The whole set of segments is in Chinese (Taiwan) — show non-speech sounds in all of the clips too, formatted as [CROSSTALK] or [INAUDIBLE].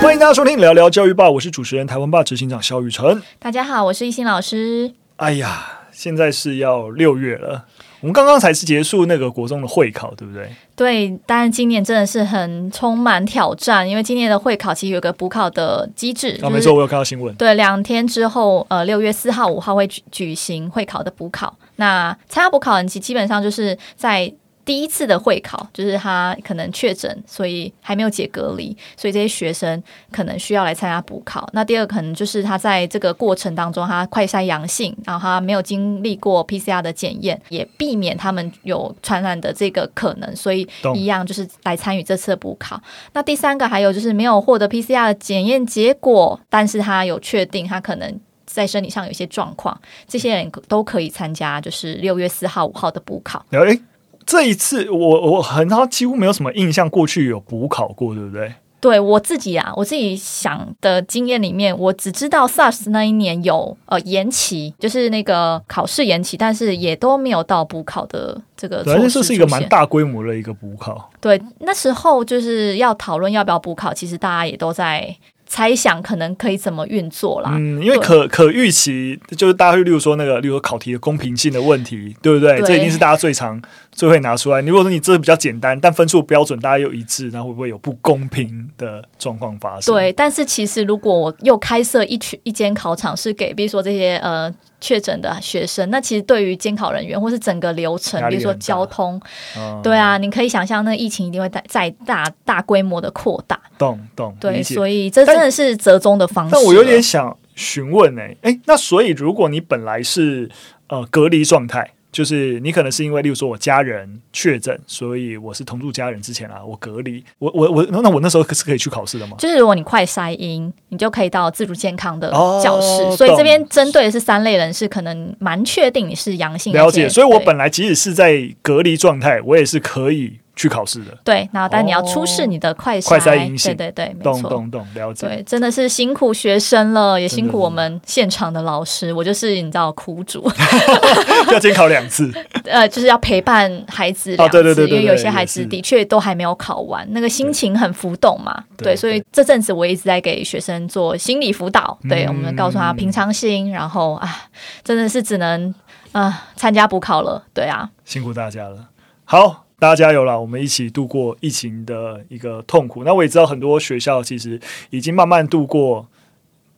歡迎大家收聽《聊聊教育吧》，我是主持人臺灣吧執行長蕭宇辰。大家好，我是懿心老師。哎呀，現在是要六月了，我們剛剛才是結束那個國中的會考，對不對？對，當然今年真的是很充滿挑戰，因為今年的會考其實有個補考的機制。啊，沒錯、就是，我有看到新聞。對，兩天之後，呃，六月四號、五號會舉舉行會考的補考。那參加補考，人其基本上就是在。第一次的會考就是他可能確診，所以還沒有解隔離，所以這些學生可能需要來參加補考。那第二可能就是他在這個過程當中他快篩陽性，然後他沒有經歷過 PCR 的檢驗，也避免他們有傳染的這個可能，所以一樣就是來參與這次的補考。那第三個還有就是沒有獲得 PCR 的檢驗結果，但是他有確定他可能在身體上有一些狀況，這些人都可以參加，就是六月四號五號的補考。 [NOISE] 這一次我，我我很好幾乎沒有什麼印象，過去有補考過，對不對？對，我自己啊，我自己想的經驗裡面，我只知道 SARS 那一年有呃延期，就是那個考試延期，但是也都沒有到補考的這個。而且這是一個蠻大規模的一個補考。對，那時候就是要討論要不要補考，其實大家也都在。猜想可能可以怎麼運作啦，嗯，因為可可預期就是大家會，例如說那個，例如說考題的公平性的問題，對不對？對。這一定是大家最常、最會拿出來。你如果說你這比較簡單，但分數標準大家又一致，那會不會有不公平的狀況發生？對，但是其實如果我又開設一群一間考場，是給比如說這些呃。確診的學生，那其實對於監考人員或是整個流程，比如說交通、嗯，對啊，你可以想象那個疫情一定會在在大大規模的擴大。懂懂，對，所以這真的是折中的方式但，但我有點想詢問呢、欸，哎、欸，那所以如果你本來是呃隔離狀態。就是你可能是因為，例如說我家人確診，所以我是同住家人之前啊，我隔離，我我我那我那時候是可以去考試的嗎？就是如果你快篩陰，你就可以到自主健康的教室。哦，所以這邊針對的是三類人士，可能蠻確定你是陽性。了解，所以我本來即使是在隔離狀態，我也是可以。去考試的對，然後但你要出示你的快篩。哦，對對對，沒錯，懂懂了解。對，真的是辛苦學生了，也辛苦我們現場的老師。我就是你知道苦主， [LAUGHS] [LAUGHS] 要監考兩次，呃，就是要陪伴孩子兩次。哦、啊，對對，對，對，對，因為有些孩子的確都還沒有考完，啊、對對對對，那個心情很浮動嘛，對對對。對，所以這陣子我一直在給學生做心理輔導。嗯、對，我們告訴他平常心，然後啊，真的是只能啊、呃、參加補考了。對啊，辛苦大家了。好。大家加油啦，我們一起度過疫情的一個痛苦。那我也知道很多學校其實已經慢慢度過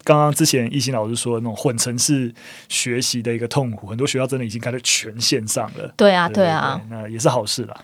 剛剛之前懿心老師說的那種混成式學習的一個痛苦，很多學校真的已經開始全線上了。對啊對對，對啊，那也是好事啦。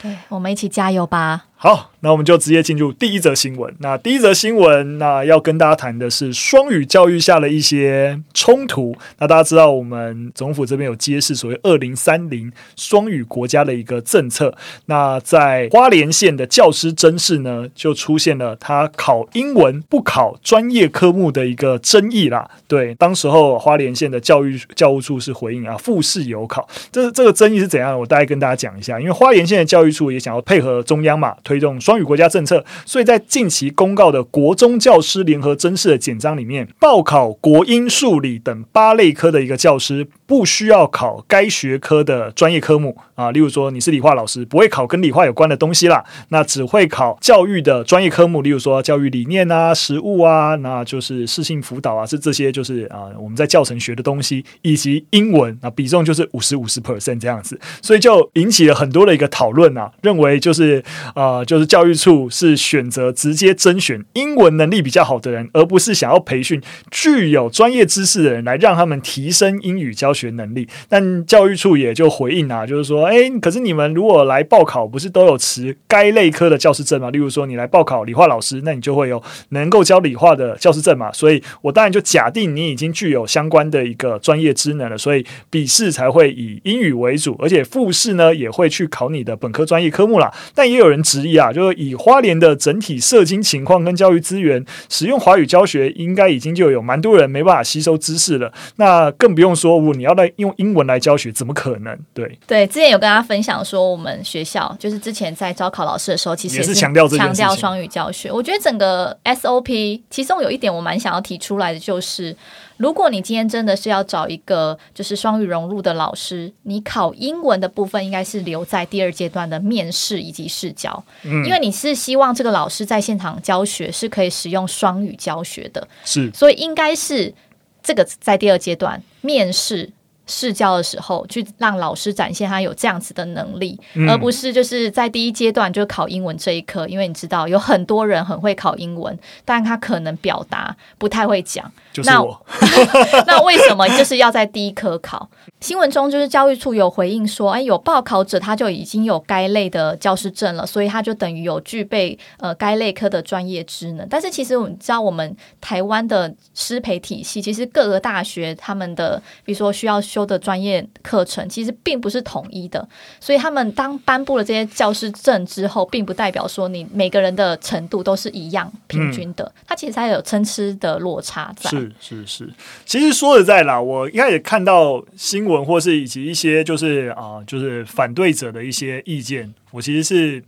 對，我們一起加油吧。好，那我們就直接進入第一則新聞。那第一則新聞，那要跟大家談的是雙語教育下的一些衝突。那大家知道，我們總府這邊有揭示所謂二零三零雙語國家的一個政策。那在花蓮縣的教師甄試呢，就出現了他考英文不考專業科目的一個爭議啦。對，當時候花蓮縣的教育教務處是回應啊，複試有考。這這個爭議是怎樣的，我大概跟大家講一下，因為花蓮縣的教育處也想要配合中央嘛。推動雙語國家政策，所以在近期公告的國中教師聯合甄試的簡章裡面，報考國英數理等八類科的一個教師，不需要考該學科的專業科目啊。例如說，你是理化老師，不會考跟理化有關的東西啦，那只會考教育的專業科目，例如說教育理念啊、實務啊，那就是適性輔導啊，是這些就是啊，我們在教程學的東西，以及英文啊，比重就是五十五十 percent 這樣子，所以就引起了很多的一個討論啊，認為就是啊。就是教育處是選擇直接甄選英文能力比較好的人，而不是想要培訓具有專業知識的人來讓他們提升英語教學能力。但教育處也就回應啊，就是說，哎，可是你們如果來報考，不是都有持該類科的教師證嗎？例如說，你來報考理化老師，那你就會有能夠教理化的教師證嘛，所以我當然就假定你已經具有相關的一個專業知能了，所以筆試才會以英語為主，而且複試呢也會去考你的本科專業科目啦，但也有人質疑，就是以花蓮的整體社經情況跟教育資源，使用華語教學應該已經就有蠻多人沒辦法吸收知識了。那更不用說，哦，你要來用英文來教學，怎麼可能？對對，之前有跟大家分享說，我們學校就是之前在招考老師的時候，其實也是強調強調雙語教學。我覺得整個 SOP，其中有一點我蠻想要提出來的，就是。如果你今天真的是要找一個就是雙語融入的老師，你考英文的部分應該是留在第二階段的面試以及試教，嗯，因為你是希望這個老師在現場教學是可以使用雙語教學的，是，所以應該是這個在第二階段面試。試教的時候，去讓老師展現他有這樣子的能力，嗯，而不是就是在第一階段就考英文這一科，因為你知道有很多人很會考英文，但他可能表達不太會講。就是我那。 [LAUGHS] [LAUGHS] 那為什麼就是要在第一科考？新聞中就是教育處有回應說，哎，有報考者他就已經有該類的教師證了，所以他就等於有具備呃該類科的專業職能。但是其實我們知道，我們台灣的師培體系，其實各個大學他們的，比如說需要修。的專業課程其實並不是統一的，所以他們當頒布了這些教師證之後，並不代表說你每個人的程度都是一樣平均的，嗯。他其實還有參差的落差在。是是是，其實說實在啦，我一開始看到新聞，或是以及一些就是啊、呃，就是反對者的一些意見，我其實是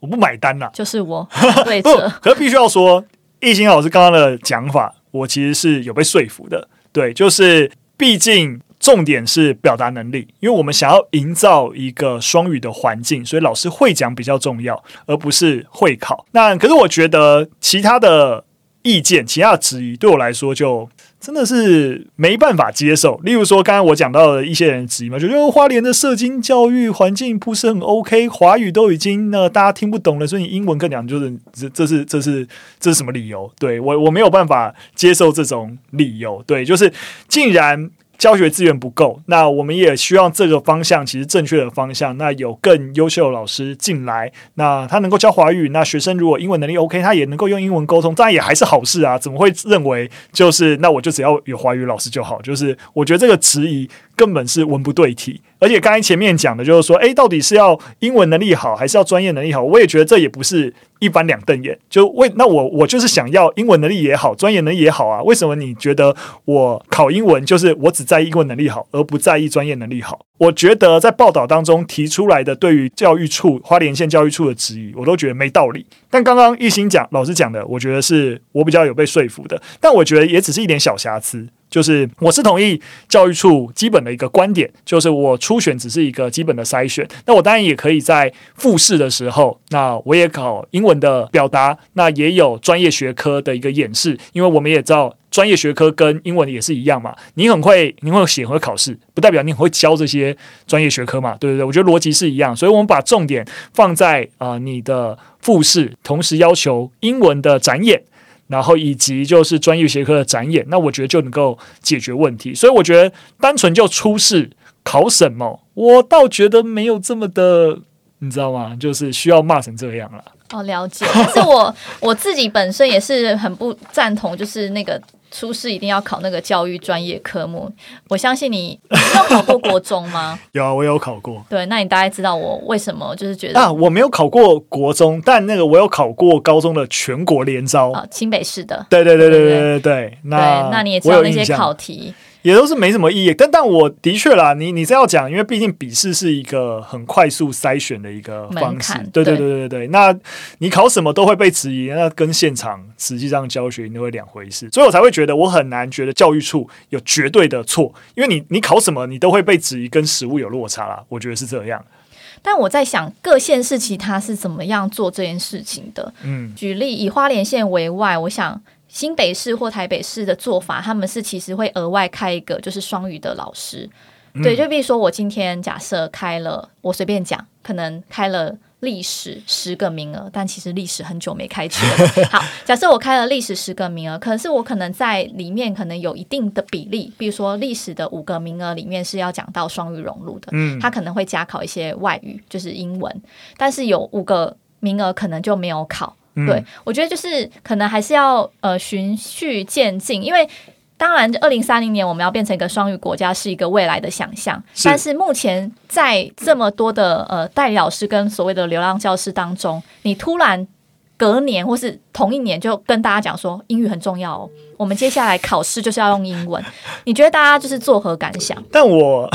我不買單啦。就是我，對 [LAUGHS] 可是必須要說，懿心老師剛剛的講法，我其實是有被說服的。對，就是畢竟。重點是表達能力，因為我們想要營造一個雙語的環境，所以老師會講比較重要，而不是會考。那可是我覺得其他的意見、其他質疑，對我來說就真的是沒辦法接受。例如說，剛剛我講到的一些人質疑嘛，就覺得花蓮的社經教育環境不是很 OK，華語都已經那、呃、大家聽不懂了，所以你英文更講，就是這這是這是這是什麼理由？對我我沒有辦法接受這種理由。對，就是竟然。教學資源不夠，那我們也希望這個方向其實正確的方向，那有更優秀的老師進來，那他能夠教華語，那學生如果英文能力 OK，他也能夠用英文溝通，當然也還是好事啊，怎麼會認為就是那我就只要有華語老師就好？就是我覺得這個質疑。根本是文不對題，而且剛才前面講的，就是說，哎，到底是要英文能力好，還是要專業能力好？我也覺得這也不是一翻兩瞪眼，就為那我我就是想要英文能力也好，專業能力也好啊。為什麼你覺得我考英文就是我只在意英文能力好，而不在意專業能力好？我覺得在報道當中提出來的對於教育處花蓮縣教育處的質疑，我都覺得沒道理。但剛剛懿心講老師講的，我覺得是我比較有被說服的，但我覺得也只是一點小瑕疵。就是我是同意教育處基本的一個觀點，就是我初選只是一個基本的篩選，那我當然也可以在複試的時候，那我也考英文的表達，那也有專業學科的一個演示。因為我們也知道專業學科跟英文也是一樣嘛，你很會，你會寫會考試，不代表你會教這些專業學科嘛，對不對？對。我覺得邏輯是一樣，所以我們把重點放在啊、呃、你的複試，同時要求英文的展演。然後以及就是專業學科的展演，那我覺得就能夠解決問題。所以我覺得單純就初試考什麼，我倒覺得沒有這麼的，你知道嗎？就是需要罵成這樣了。哦，了解。但是我 [LAUGHS] 我自己本身也是很不贊同，就是那個初試一定要考那個教育專業科目。我相信你，你有考過國中嗎？ [LAUGHS] 有、啊，我有考過。對，那你大概知道我為什麼就是覺得？啊，我沒有考過國中，但那個我有考過高中的全國聯招啊，新北市的。對對對對對對對，對，對對，那對那你也知道那些考題。也都是沒什麼意義，但但我的確啦，你你這樣講，因為畢竟筆試是一個很快速篩選的一個方式，對對對對對，對。那你考什麼都會被質疑，那跟現場實際上教學就會兩回事，所以我才會覺得我很難覺得教育處有絕對的錯，因為你你考什麼你都會被質疑，跟實務有落差啦。我覺得是這樣。但我在想各縣市其他是怎麼樣做這件事情的？嗯，舉例以花蓮縣為外，我想。新北市或台北市的做法，他們是其實會額外開一個就是雙語的老師，對、嗯，就比如說我今天假設開了，我隨便講，可能開了歷史十個名額，但其實歷史很久沒開了。 [LAUGHS] 好，假設我開了歷史十個名額，可能是我可能在裡面可能有一定的比例，比如說歷史的五個名額裡面是要講到雙語融入的、嗯，他可能會加考一些外語，就是英文，但是有五個名額可能就沒有考。嗯、對，我覺得就是可能還是要呃循序漸進，因為當然，二零三零年我們要變成一個雙語國家是一個未來的想象。是。但是目前在這麼多的呃代理老師跟所謂的流浪教師當中，你突然隔年或是同一年就跟大家講說英語很重要哦，我們接下來考試就是要用英文， [LAUGHS] 你覺得大家就是作何感想？但我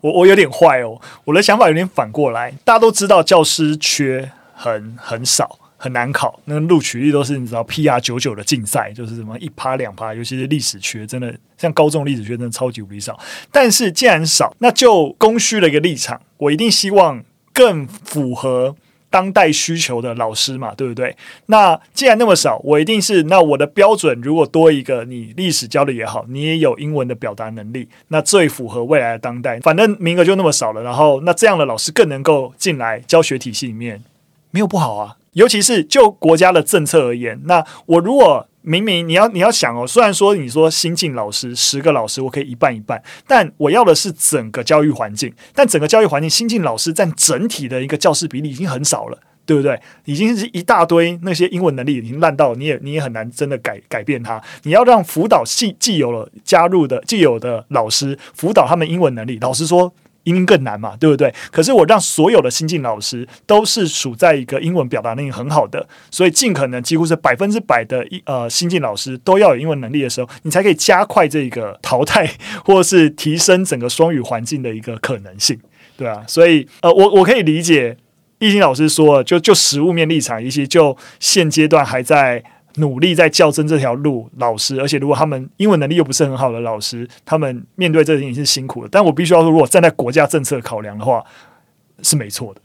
我我有點壞哦，我的想法有點反過來。大家都知道教師缺很很少。很難考，那錄取率都是你知道，PR99 的競賽就是什麼一趴兩趴，尤其是歷史學真的像高中歷史學真的超級無比少。但是既然少，那就供需的一個立場，我一定希望更符合當代需求的老師嘛，對不對？那既然那麼少，我一定是那我的標準，如果多一個，你歷史教的也好，你也有英文的表達能力，那最符合未來的當代，反正名額就那麼少了，然後那這樣的老師更能夠進來教學體系裡面，沒有不好啊。尤其是就國家的政策而言，那我如果明明你要你要想哦，雖然說你說新進老師十個老師我可以一半一半，但我要的是整個教育環境。但整個教育環境，新進老師佔整體的一個教師比例已經很少了，對不對？已經是一大堆那些英文能力已經爛到你也你也很難真的改改變它。你要讓輔導系既有了加入的既有的老師輔導他們英文能力，老師說。英更難嘛，對不對？可是我讓所有的新進老師都是處在一個英文表達能力很好的，所以盡可能幾乎是百分之百的一呃新進老師都要有英文能力的時候，你才可以加快這個淘汰或是提升整個雙語環境的一個可能性，對啊。所以呃，我我可以理解懿心老師說，就就實務面立場，一些就現階段還在。努力在教甄這條路，老師，而且如果他們英文能力又不是很好的老師，他們面對這事也是辛苦的。但我必須要說，如果站在國家政策考量的話，是沒錯的。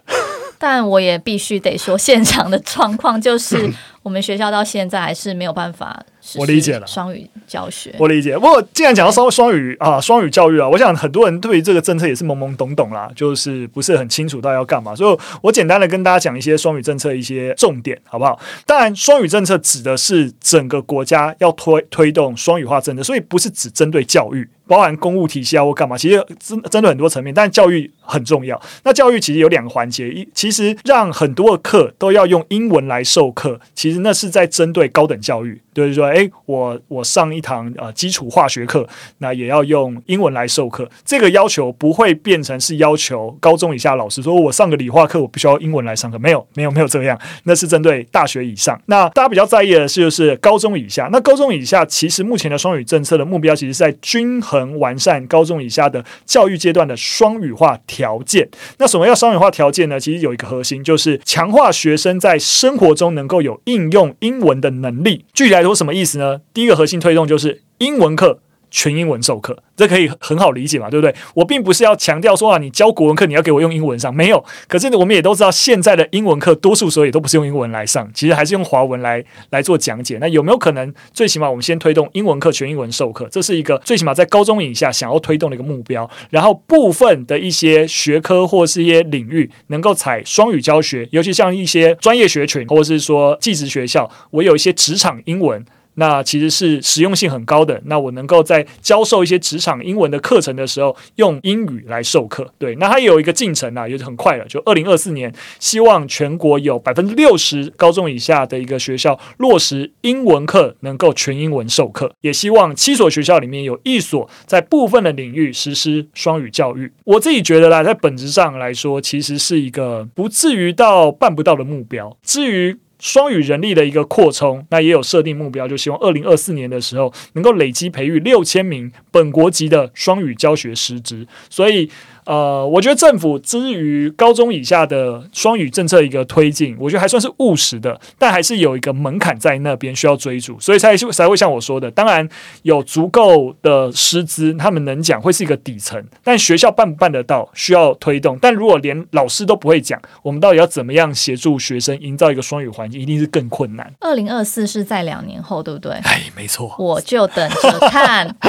但我也必須得說，現場的狀況就是，我們學校到現在還是沒有辦法。 [LAUGHS] [LAUGHS] 我理解了雙語教學，我理解。不過，既然講到雙雙語啊，雙語教育啊，我想很多人對於這個政策也是懵懵懂懂啦，就是不是很清楚到底要幹嘛。所以我簡單的跟大家講一些雙語政策一些重點，好不好？當然，雙語政策指的是整個國家要推推動雙語化政策，所以不是只針對教育。包含公務體系啊或幹嘛，其實針針對很多層面，但教育很重要。那教育其實有兩個環節，一其實讓很多的課都要用英文來授課，其實那是在針對高等教育，就是說，哎、欸，我我上一堂呃基礎化學課，那也要用英文來授課。這個要求不會變成是要求高中以下老師說我上個理化課我必須要英文來上課，沒有沒有沒有這樣，那是針對大學以上。那大家比較在意的是就是高中以下，那高中以下其實目前的雙語政策的目標其實在均衡。能完善高中以下的教育階段的雙語化條件。那什麼叫雙語化條件呢？其實有一個核心，就是強化學生在生活中能夠有應用英文的能力。具體來說，什麼意思呢？第一個核心推動就是英文課。全英文授課，這可以很好理解嘛，對不對？我並不是要強調說啊，你教國文課你要給我用英文上，沒有。可是我們也都知道，現在的英文課多數時候也都不是用英文來上，其實還是用華文來來做講解。那有沒有可能，最起碼我們先推動英文課全英文授課，這是一個最起碼在高中以下想要推動的一個目標。然後部分的一些學科或是一些領域能夠採雙語教學，尤其像一些專業學群或者是說技職學校，我有一些職場英文。那其實是實用性很高的。那我能夠在教授一些職場英文的課程的時候，用英語來授課。對，那它有一個進程啊，也很快了。就二零二四年，希望全國有百分之六十高中以下的一個學校落實英文課能夠全英文授課，也希望七所學校裡面有一所在部分的領域實施雙語教育。我自己覺得啦，在本質上來說，其實是一個不至於到辦不到的目標。至於。雙語人力的一個擴充，那也有設定目標，就希望二零二四年的時候能夠累積培育六千名本國籍的雙語教學師資，所以。呃，我覺得政府之於高中以下的雙語政策一個推進，我覺得還算是務實的，但還是有一個門檻在那邊需要追逐，所以才才會像我說的，當然有足夠的師資，他們能講會是一個底層，但學校辦不辦得到需要推動，但如果連老師都不會講，我們到底要怎麼樣協助學生營造一個雙語環境，一定是更困難。二零二四是在兩年後，對不對？哎，沒錯，我就等着看。 [LAUGHS]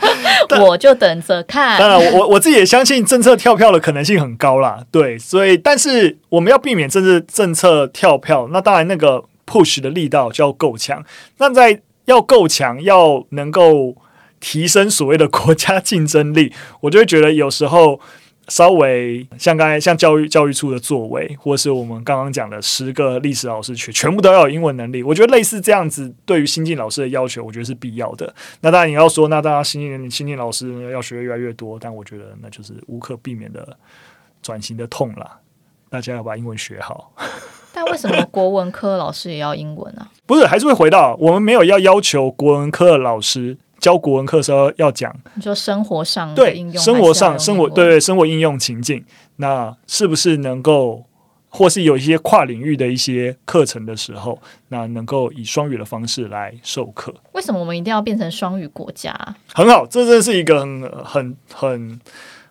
[LAUGHS] 我就等着看。當然我，我我自己也相信政策跳票的可能性很高啦。對，所以但是我們要避免政治政策跳票，那當然那個 push 的力道就要夠強。那在要夠強，要能夠提升所謂的國家競爭力，我就會覺得有時候。稍微像剛才像教育教育處的作為，或者是我們剛剛講的十個歷史老師全全部都要有英文能力，我覺得類似這樣子對於新進老師的要求，我覺得是必要的。那當然你要說，那當然新進新進老師要學越來越多，但我覺得那就是無可避免的轉型的痛啦。大家要把英文學好。但為什麼國文科老師也要英文呢？啊？ [LAUGHS] 不是，還是會回到我們沒有要要求國文科的老師。教國文課的時候要講，你說生活上應用對用生活上生活對對生活應用情境，那是不是能夠或是有一些跨領域的一些課程的時候，那能夠以雙語的方式來授課？為什麼我們一定要變成雙語國家？很好，這真是一個很很很。很很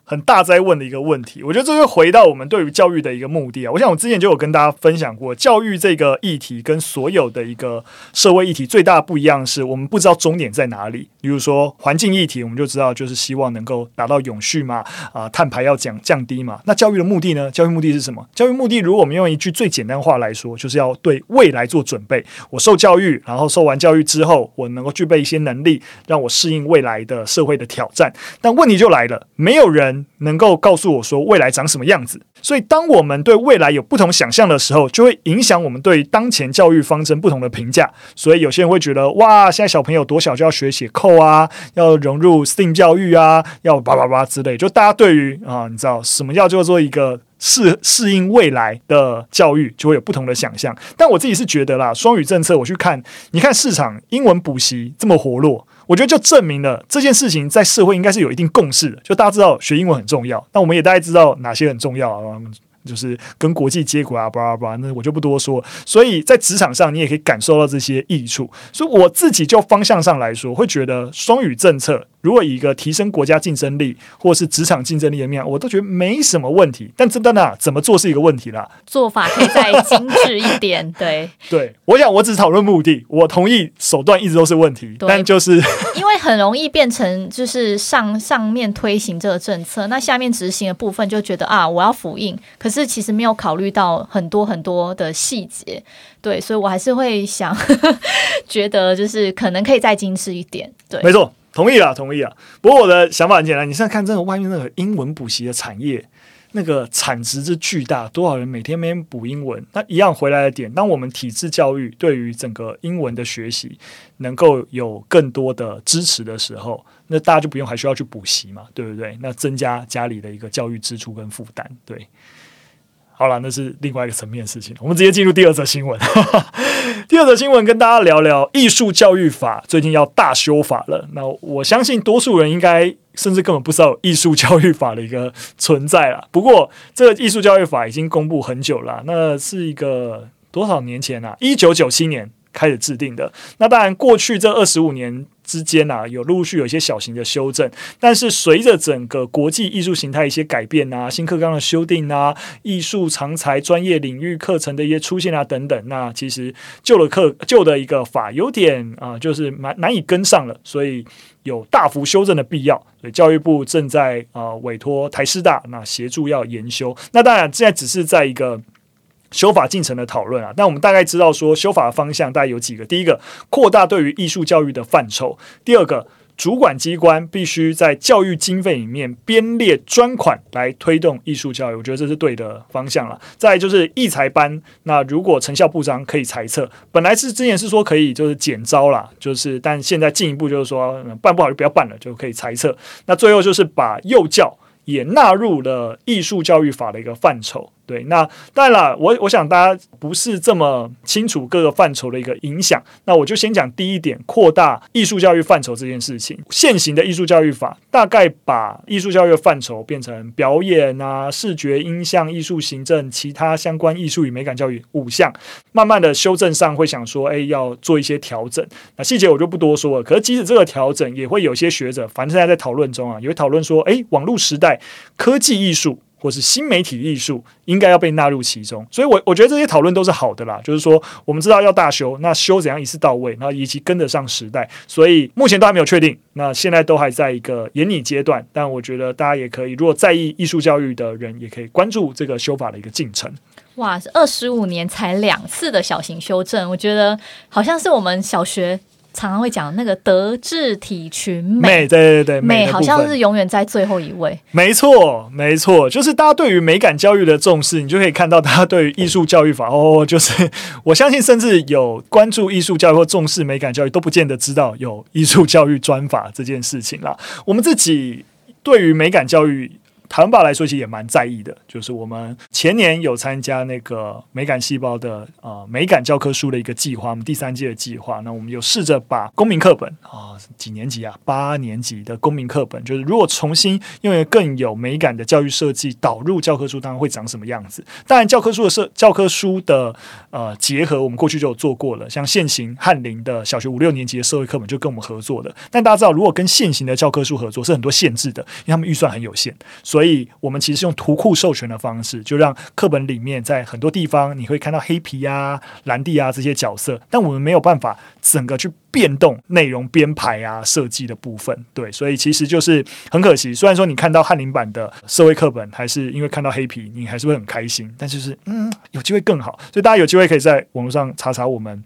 很大哉問的一個問題，我覺得這是回到我們對於教育的一個目的啊。我想我之前就有跟大家分享過，教育這個議題跟所有的一個社會議題最大不一樣是我們不知道終點在哪裡。比如說環境議題，我們就知道就是希望能夠達到永續嘛，啊、呃，碳排要降降低嘛。那教育的目的呢？教育目的是什麼？教育目的如果我們用一句最簡單話來說，就是要對未來做準備。我受教育，然後受完教育之後，我能夠具備一些能力，讓我適應未來的社會的挑戰。但問題就來了，沒有人。能夠告訴我說未來長什麼樣子，所以當我們對未來有不同想象的時候，就會影響我們對當前教育方針不同的評價。所以有些人會覺得，哇，現在小朋友多小就要學寫扣啊，要融入 Steam 教育啊，要叭叭叭之類。就大家對於啊，你知道什麼叫叫做一個適適應未來的教育，就會有不同的想象。但我自己是覺得啦，雙語政策我去看，你看市場英文補習這麼活絡。我覺得就證明了這件事情在社會應該是有一定共識的。就大家知道學英文很重要，那我們也大概知道哪些很重要啊，就是跟國際接軌啊，巴拉巴拉，那我就不多說。所以在職場上，你也可以感受到這些益處。所以我自己就方向上來說，會覺得雙語政策。如果以一個提升國家競爭力或是職場競爭力的面，我都覺得沒什麼問題。但真的呢、啊，怎麼做是一個問題啦。做法可以再精緻一點， [LAUGHS] 對對。我想，我只討論目的，我同意手段一直都是問題，但就是因為很容易變成就是上上面推行這個政策， [LAUGHS] 那下面執行的部分就覺得啊，我要複印，可是其實沒有考慮到很多很多的細節，對，所以我還是會想 [LAUGHS] 覺得就是可能可以再精緻一點，對，沒錯。同意了、啊，同意了、啊。不過我的想法很簡單，你現在看這個外面那個英文補習的產業，那個產值之巨大，多少人每天每天補英文，那一樣回來的點，當我們體制教育對於整個英文的學習能夠有更多的支持的時候，那大家就不用還需要去補習嘛，對不對？那增加家裡的一個教育支出跟負擔，對。好了，那是另外一個層面的事情。我們直接進入第二則新聞。第二則新聞跟大家聊聊藝術教育法最近要大修法了。那我相信多數人應該甚至根本不知道有藝術教育法的一個存在了。不過，這個藝術教育法已經公布很久了。那是一個多少年前呢、啊？一九九七年開始制定的。那當然，過去這二十五年。之間啊，有陸續有一些小型的修正，但是隨着整個國際藝術形態一些改變啊，新課綱的修訂啊，藝術常才專業領域課程的一些出現啊等等，那其實舊的課舊的一個法有點啊、呃，就是難難以跟上了，所以有大幅修正的必要。所以教育部正在啊、呃、委託台師大那協助要研修，那當然現在只是在一個。修法進程的討論啊，那我們大概知道說修法的方向大概有幾個：第一個，擴大對於藝術教育的範疇；第二個，主管機關必須在教育經費裡面編列專款來推動藝術教育，我覺得這是對的方向了。再來就是藝才班，那如果成效不彰可以裁撤，本來是之前是說可以就是減招啦，就是但現在進一步就是說、嗯、辦不好就不要辦了，就可以裁撤。那最後就是把幼教也納入了藝術教育法的一個範疇。對，那當然了，我我想大家不是這麼清楚各個範疇的一個影響，那我就先講第一點，擴大藝術教育範疇這件事情。現行的藝術教育法大概把藝術教育範疇變成表演啊、視覺、音像、藝術行政、其他相關藝術與美感教育五項，慢慢的修正上會想說，哎，要做一些調整。那細節我就不多說了。可是即使這個調整，也會有些學者，反正現在在討論中啊，也會討論說，哎，網絡時代科技藝術，或是新媒體藝術應該要被納入其中，所以我，我我覺得這些討論都是好的啦。就是說，我們知道要大修，那修怎樣一次到位，那以及跟得上時代，所以目前都還沒有確定。那現在都還在一個研擬階段，但我覺得大家也可以，如果在意藝術教育的人，也可以關注這個修法的一個進程。哇，二十五年才兩次的小型修正，我覺得好像是我們小學。常常會講那個德智體群美，美對對對美，美好像是永遠在最後一位。沒錯，沒錯，就是大家對於美感教育的重視，你就可以看到大家對於藝術教育法哦，就是我相信，甚至有關注藝術教育或重視美感教育，都不見得知道有藝術教育專法這件事情啦。我們自己對於美感教育。坦白來說，其實也蠻在意的，就是我們前年有參加那個美感細胞的啊、呃、美感教科書的一個計劃，我們第三屆的計劃，那我們有試着把公民課本啊、哦、幾年級啊八年級的公民課本，就是如果重新用一個更有美感的教育設計導入教科書，當中會長什麼樣子。當然教科書的設，教科書的呃結合，我們過去就有做過了，像現行翰林的小學五六年級的社會課本就跟我們合作的。但大家知道，如果跟現行的教科書合作是很多限制的，因為他們預算很有限，所以所以，我們其實用圖庫授權的方式，就讓課本裡面在很多地方你會看到黑啤啊、藍地啊這些角色，但我們沒有辦法整個去變動內容編排啊、設計的部分。對，所以其實就是很可惜。雖然說你看到翰林版的社會課本還是因為看到黑啤，你還是會很開心，但是就是嗯，有機會更好。所以大家有機會可以在網絡上查查我們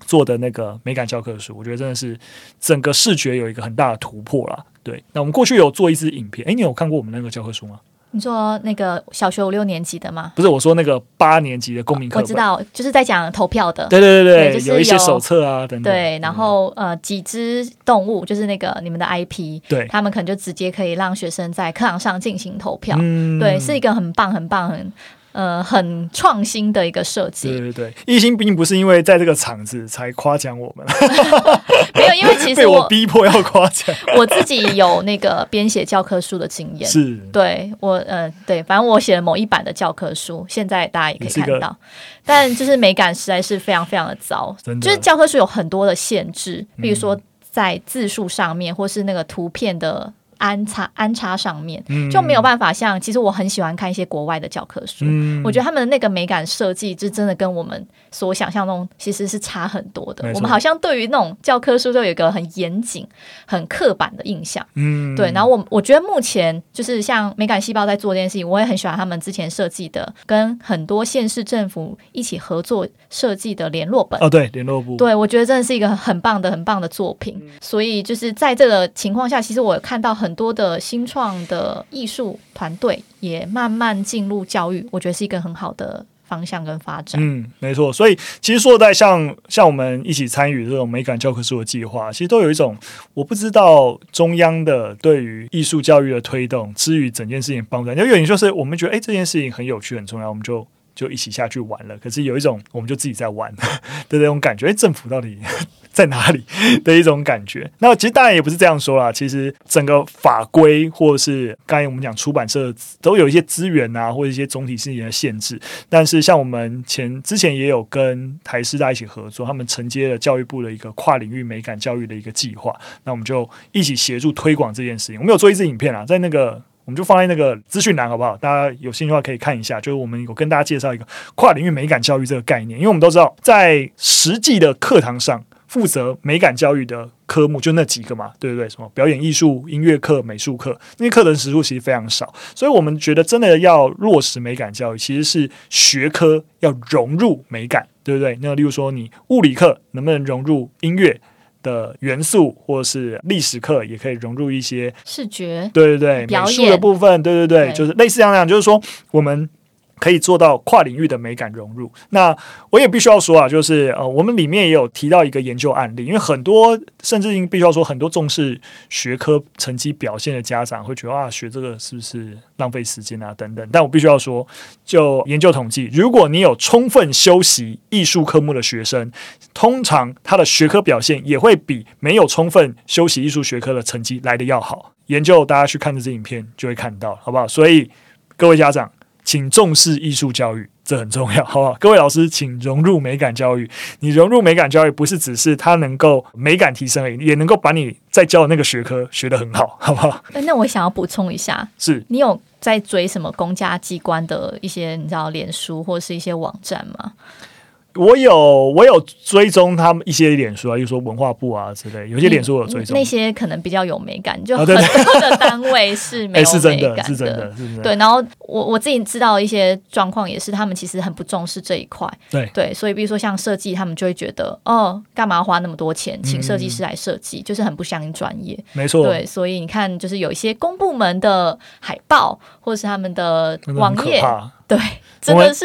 做的那個美感教科書，我覺得真的是整個視覺有一個很大的突破了。對，那我們過去有做一支影片，哎，你有看過我們那個教科書嗎？你說那個小學五六年級的嗎？不是，我說那個八年級的公民課我，我知道，就是在講投票的。對對對對，有，有一些手冊啊等等。對，然後、嗯、呃，幾隻動物就是那個你們的 IP，對，他們可能就直接可以讓學生在課堂上進行投票。嗯，對，是一個很棒很棒很。呃，很創新的一個設計。對對對，懿心並不是因為在這個場子才誇獎我們， [LAUGHS] [LAUGHS] 沒有，因為其實我被我逼迫要誇獎。 [LAUGHS] 我自己有那個編寫教科書的經驗，是對我呃，對，反正我寫了某一版的教科書，現在大家也可以看到。但就是美感實在是非常非常的糟， [LAUGHS] 真的就是教科書有很多的限制，比如說在字數上面，嗯、或是那個圖片的。安插安插上面就沒有辦法像，嗯，其實我很喜歡看一些國外的教科書，嗯、我覺得他們的那個美感設計就真的跟我們所想象中其實是差很多的。我們好像對於那種教科書都有一個很嚴謹、很刻板的印象。嗯，對。然後我我覺得目前就是像美感細胞在做這件事情，我也很喜歡他們之前設計的跟很多縣市政府一起合作設計的聯絡本。哦，對，聯絡簿。對，我覺得真的是一個很棒的、很棒的作品。嗯、所以就是在這個情況下，其實我看到很。很多的新創的藝術團隊也慢慢進入教育，我覺得是一個很好的方向跟發展。嗯，沒錯。所以其實說在像像我們一起參與這種美感教科書的計劃，其實都有一種我不知道中央的對於藝術教育的推動，至於整件事情幫助，原因，就是我們覺得哎、欸，這件事情很有趣、很重要，我們就。就一起下去玩了，可是有一種我們就自己在玩的那種感覺，誒、欸，政府到底在哪裡的一種感覺？那其實當然也不是這樣說啦。其實整個法規或者是剛才我們講出版社都有一些資源啊，或者一些總體事情的限制。但是像我們前之前也有跟台師大一起合作，他們承接了教育部的一個跨領域美感教育的一個計劃，那我們就一起協助推廣這件事情。我們有做一支影片啊，在那個。我們就放在那個資訊欄，好不好？大家有興趣的話可以看一下。就是我們有跟大家介紹一個跨領域美感教育這個概念，因為我們都知道，在實際的課堂上，負責美感教育的科目就那幾個嘛，對不對，對？什麼表演藝術、音樂課、美術課，那些課程時數其實非常少。所以我們覺得，真的要落實美感教育，其實是學科要融入美感，對不對，對？那例如說，你物理課能不能融入音樂？的元素，或是歷史課，也可以融入一些視覺，對對對，美術的部分，對對對，對就是類似這樣講，就是說我們。可以做到跨領域的美感融入。那我也必須要說啊，就是呃，我們裡面也有提到一個研究案例，因為很多甚至必須要說很多重視學科成績表現的家長會覺得啊，學這個是不是浪費時間啊？等等。但我必須要說，就研究統計，如果你有充分修習藝術科目的學生，通常他的學科表現也會比沒有充分修習藝術學科的成績來得要好。研究大家去看這支影片就會看到，好不好？所以各位家長。請重視藝術教育，這很重要，好不好？各位老師，請融入美感教育。你融入美感教育，不是只是它能夠美感提升而已，也能夠把你在教的那個學科學得很好，好不好？哎，那我想要補充一下，是你有在追什麼公家機關的一些你知道臉書或是一些網站嗎？我有我有追蹤他們一些臉書啊，例如說文化部啊之類，有些臉書我有追蹤、嗯嗯。那些可能比較有美感，就很多的單位是沒有美感的。對，然後我我自己知道的一些狀況，也是他們其實很不重視這一塊。對對，所以比如說像設計，他們就會覺得哦，呃、幹嘛花那麼多錢請設計師來設計、嗯嗯，就是很不相信專業。沒錯。對，所以你看，就是有一些公部門的海報，或者是他們的網頁、那個，對，真的是。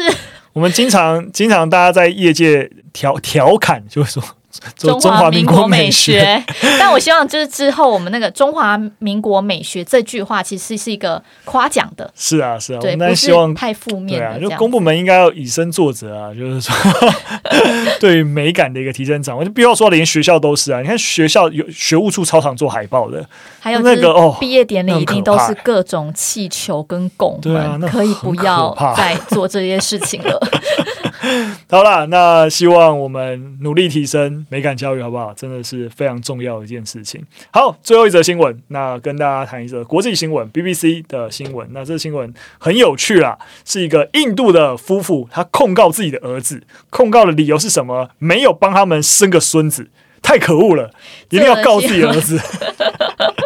我們經常經常，大家在業界調調侃，就會說，做中華民國美學， [LAUGHS] 但我希望就是之後我們那個中華民國美學這句話，其實是一個誇獎的 [LAUGHS] 。是啊，是啊，我們希望，太負面了、啊。就公部門應該要以身作則啊，就是說 [LAUGHS] 對於美感的一個提升掌握，就不要說連學校都是啊，你看學校有學務處操場做海報的，還有那個哦，畢業典禮一定都是各種氣球跟拱門對啊，那可，可以不要再做這些事情了。 [LAUGHS] [LAUGHS] 好啦，那希望我們努力提升美感教育，好不好？真的是非常重要的一件事情。好，最後一則新聞，那跟大家談一則國際新聞，BBC 的新聞。那這新聞很有趣啦，是一個印度的夫婦，他控告自己的兒子，控告的理由是什麼？沒有幫他們生個孫子，太可惡了，一定要告自己兒子。 [LAUGHS]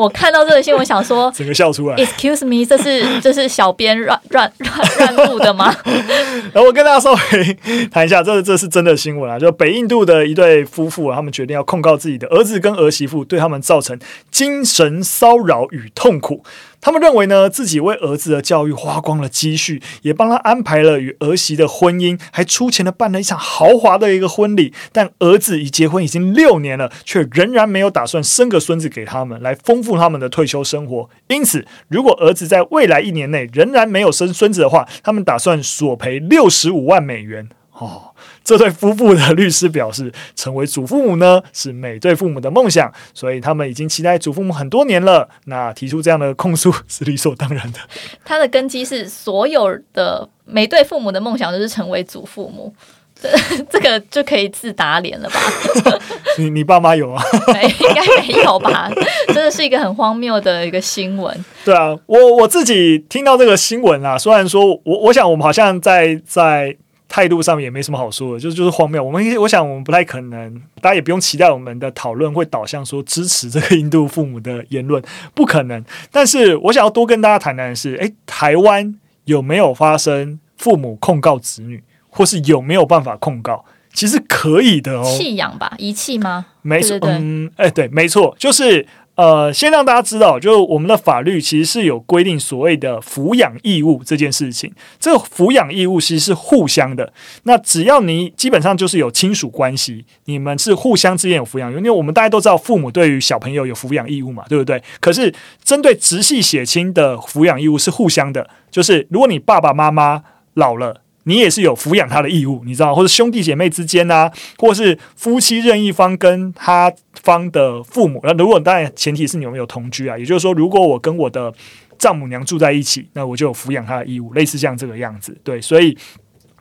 我看到這個新聞，想說 [LAUGHS] 整個笑出來。Excuse me，這是這是小編亂亂亂亂錄的嗎？ [LAUGHS] 然後我跟大家稍微談一下，這是這是真的新聞啊！就北印度的一對夫婦啊，他們決定要控告自己的兒子跟兒媳婦，對他們造成精神騷擾與痛苦。他們認為呢，自己為兒子的教育花光了積蓄，也幫他安排了與兒媳的婚姻，還出錢的辦了一場豪華的一個婚禮。但兒子已結婚已經六年了，卻仍然沒有打算生個孫子給他們，來豐富他們的退休生活。因此，如果兒子在未來一年內仍然沒有生孫子的話，他們打算索賠六十五萬美元。哦。這對夫婦的律師表示：“成為祖父母呢，是每對父母的夢想，所以他們已經期待祖父母很多年了。那提出這樣的控訴是理所當然的。他的根基是所有的每對父母的夢想都是成為祖父母，這這個就可以自打臉了吧？ [LAUGHS] [LAUGHS] 你你爸媽有啊 [LAUGHS] ？沒，應該沒有吧？ [LAUGHS] 真的是一個很荒謬的一個新聞。對啊，我我自己聽到這個新聞啊，雖然說我我想我們好像在在。”態度上面也沒什麼好說的，就是就是荒謬。我們我想我們不太可能，大家也不用期待我們的討論會導向說支持這個印度父母的言論，不可能。但是我想要多跟大家談談的是，欸，台灣有沒有發生父母控告子女，或是有沒有辦法控告？其實可以的哦，棄養吧，遺棄嗎？沒錯，對對對，嗯，欸，對，沒錯，就是。呃，先讓大家知道，就是我們的法律其實是有規定所謂的撫養義務這件事情。這個撫養義務其實是互相的。那只要你基本上就是有親屬關係，你們是互相之間有撫養。因為我們大家都知道，父母對於小朋友有撫養義務嘛，對不對？可是針對直系血親的撫養義務是互相的，就是如果你爸爸媽媽老了，你也是有撫養他的義務，你知道，或者兄弟姐妹之間啊，或是夫妻任意方跟他方的父母。那如果當然前提是你有沒有同居啊，也就是說，如果我跟我的丈母娘住在一起，那我就有撫養他的義務，類似像這個樣子。對，所以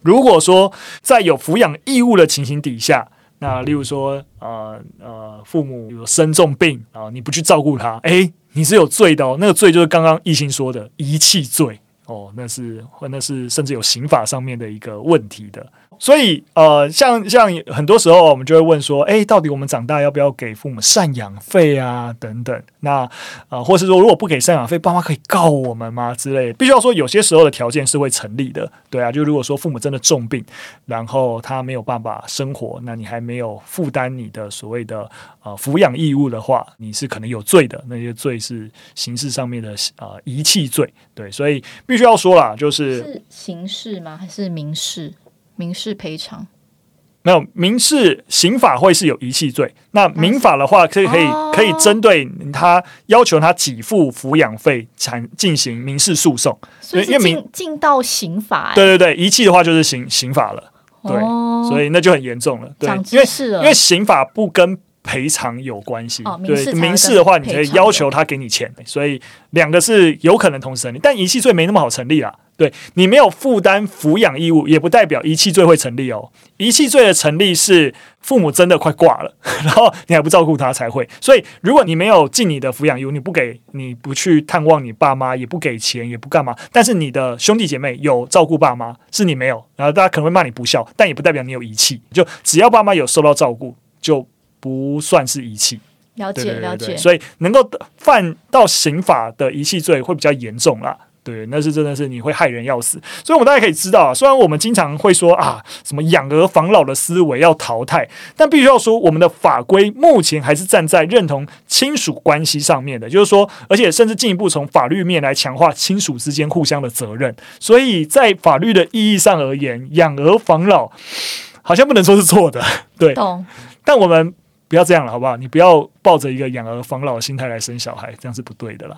如果說在有撫養義務的情形底下，那例如說啊呃，呃父母有生重病啊，你不去照顧他，哎，你是有罪的哦。那個罪就是剛剛懿心說的遺棄罪。哦，那是或那是，甚至有刑法上面的一個問題的。所以，呃，像像很多時候，我們就會問說，哎，到底我們長大要不要給父母贍養費啊？等等，那啊、呃，或是說，如果不給贍養費，爸媽可以告我們嗎？之類的，必須要說，有些時候的條件是會成立的，對啊。就如果說父母真的重病，然後他沒有辦法生活，那你還沒有負擔你的所謂的啊、呃、扶養義務的話，你是可能有罪的。那些罪是刑事上面的啊、呃、遺棄罪，對。所以必須要說啦，就是是刑事嗎？還是民事？民事賠償沒有，民事刑法會是有遺棄罪，那民法的話可以可以，哦，可以針對他要求他給付撫養費產進行民事訴訟，所以進因為民進到刑法，欸。對對對，遺棄的話就是刑刑法了，對，哦，所以那就很嚴重了。對，因為因為刑法不跟賠償有關係，哦，民是對民事的話你可以要求他給你錢，所以兩個是有可能同時成立，但遺棄罪沒那麼好成立啦，啊。對，你沒有負擔撫養義務，也不代表遺棄罪會成立哦。遺棄罪的成立是父母真的快掛了，然後你還不照顧他才會。所以如果你沒有盡你的撫養義務，你不給，你不去探望你爸媽，也不給錢，也不幹嘛，但是你的兄弟姐妹有照顧爸媽，是你沒有，然後大家可能會罵你不孝，但也不代表你有遺棄。就只要爸媽有受到照顧，就不算是遺棄。了解，對對對對對對，了解。所以能夠犯到刑法的遺棄罪會比較嚴重啦。對，那是真的是你會害人要死。所以，我們大家可以知道啊，雖然我們經常會說啊，什麼養兒防老的思維要淘汰，但必須要說，我們的法規目前還是站在認同親屬關係上面的，就是說，而且甚至進一步從法律面來強化親屬之間互相的責任。所以在法律的意義上而言，養兒防老好像不能說是錯的。對，但我們不要這樣了，好不好？你不要抱着一個養兒防老的心態來生小孩，這樣是不對的啦。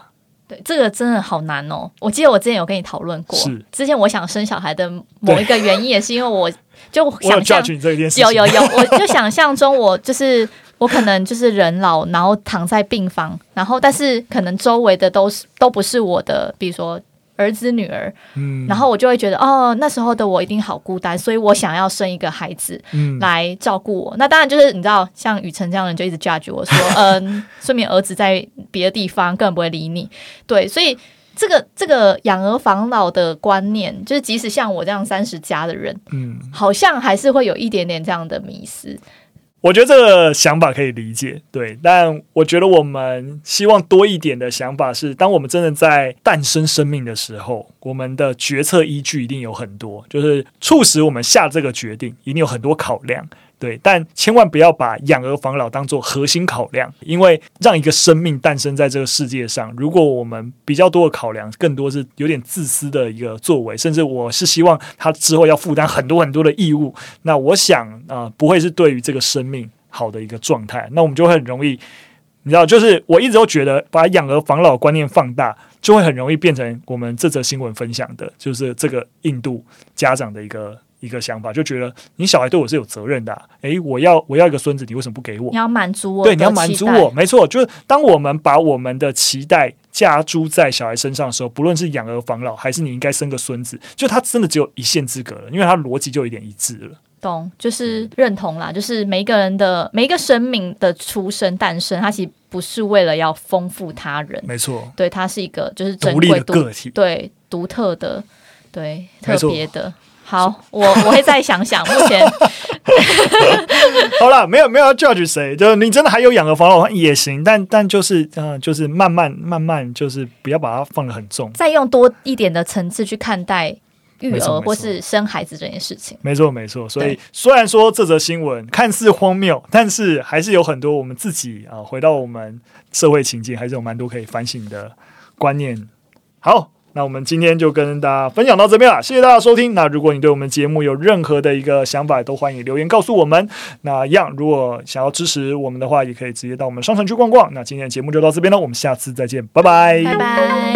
這個真的好難哦！我記得我之前有跟你討論過，是之前我想生小孩的某一個原因，也是因為我就想教訓這一件事情，有有有， [LAUGHS] 我就想象中，我就是我可能就是人老， [LAUGHS] 然後躺在病房，然後但是可能周圍的都是都不是我的，比如說。兒子、女兒、嗯，然後我就會覺得，哦，那時候的我一定好孤單，所以我想要生一個孩子，來照顧我，嗯。那當然就是你知道，像宇辰這樣的人就一直 judge 我說，嗯，說 [LAUGHS] 明兒子在別的地方根本不會理你，對。所以這個這個養兒防老的觀念，就是即使像我這樣三十加的人，嗯，好像還是會有一點點這樣的迷思。我覺得這個想法可以理解，對。但我覺得我們希望多一點的想法是，當我們真的在誕生生命的時候，我們的決策依據一定有很多，就是促使我們下這個決定，一定有很多考量。對，但千萬不要把養兒防老當做核心考量，因為讓一個生命誕生在這個世界上，如果我們比較多的考量，更多是有點自私的一個作為，甚至我是希望他之後要負擔很多很多的義務，那我想啊，呃，不會是對於這個生命好的一個狀態。那我們就很容易，你知道，就是我一直都覺得，把養兒防老觀念放大，就會很容易變成我們這則新聞分享的，就是這個印度家長的一個。一個想法就覺得你小孩對我是有責任的、啊，哎、欸，我要我要一個孫子，你為什麼不給我？你要滿足我，對，你要滿足我，沒錯，就是當我們把我們的期待加諸在小孩身上的時候，不論是養兒防老，還是你應該生個孫子，就他真的只有一線之隔了，因為他邏輯就有一點一致了。懂，就是認同啦，就是每一個人的、嗯、每一個生命的出生、誕生，他其實不是為了要豐富他人，沒錯，對，他是一個就是獨立的個體，對，獨特的，對，特別的。好，我我會再想想。 [LAUGHS] 目前 [LAUGHS] [LAUGHS] 好了，沒有沒有要 judge 誰，就是你真的還有養兒防老也行，但但就是嗯、呃，就是慢慢慢慢，就是不要把它放得很重。再用多一點的層次去看待育兒或是生孩子這件事情，沒錯沒錯。所以雖然說這則新聞看似荒謬，但是還是有很多我們自己啊、呃，回到我們社會情境，還是有蠻多可以反省的觀念。好。那我們今天就跟大家分享到這邊了，謝謝大家收聽。那如果你對我們節目有任何的一個想法，都歡迎留言告訴我們。那一樣，如果想要支持我們的話，也可以直接到我們商城去逛逛。那今天的節目就到這邊了，我們下次再見，拜拜。拜拜。